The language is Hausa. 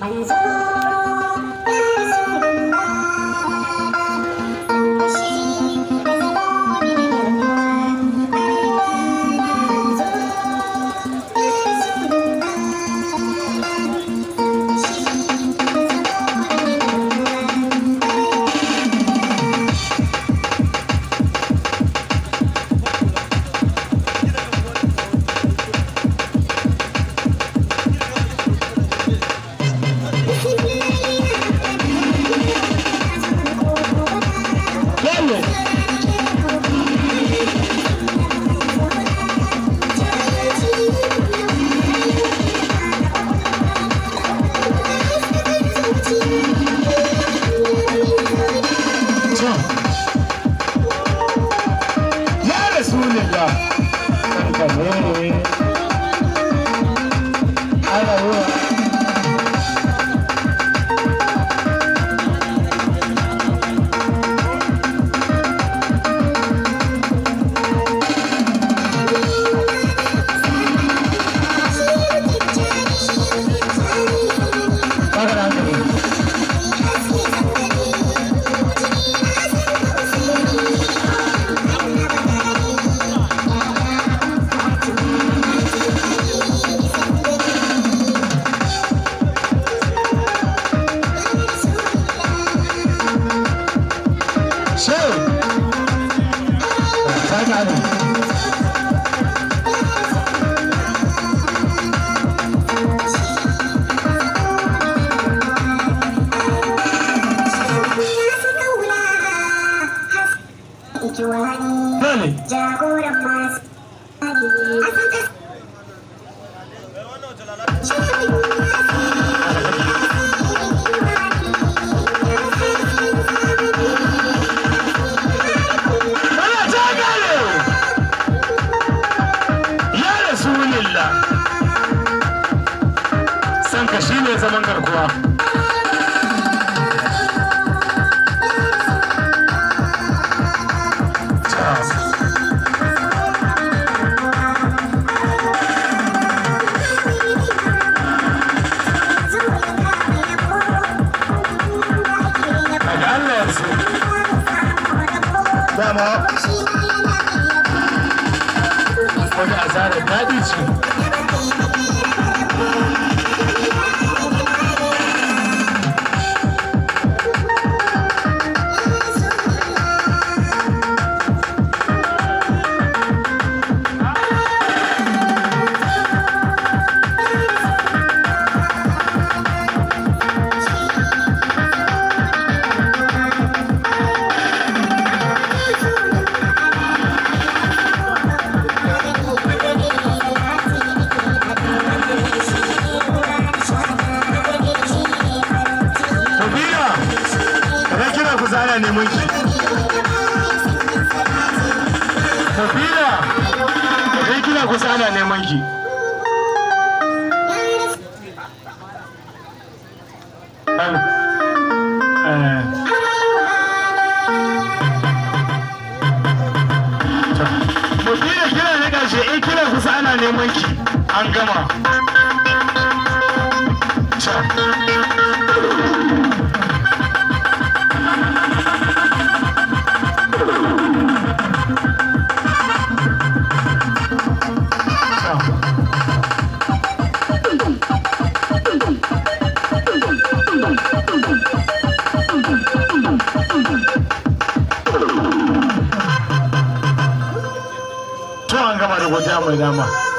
만성 Dale. Jagoran masu Sanka shi ne zaman garkuwa. شما خوش ازاره matasa ana neman shi safina idan kina kusa ana neman ki Mutane eh. kira na ƙarshe in eh, kira kusa ana neman ki an gama. damai damai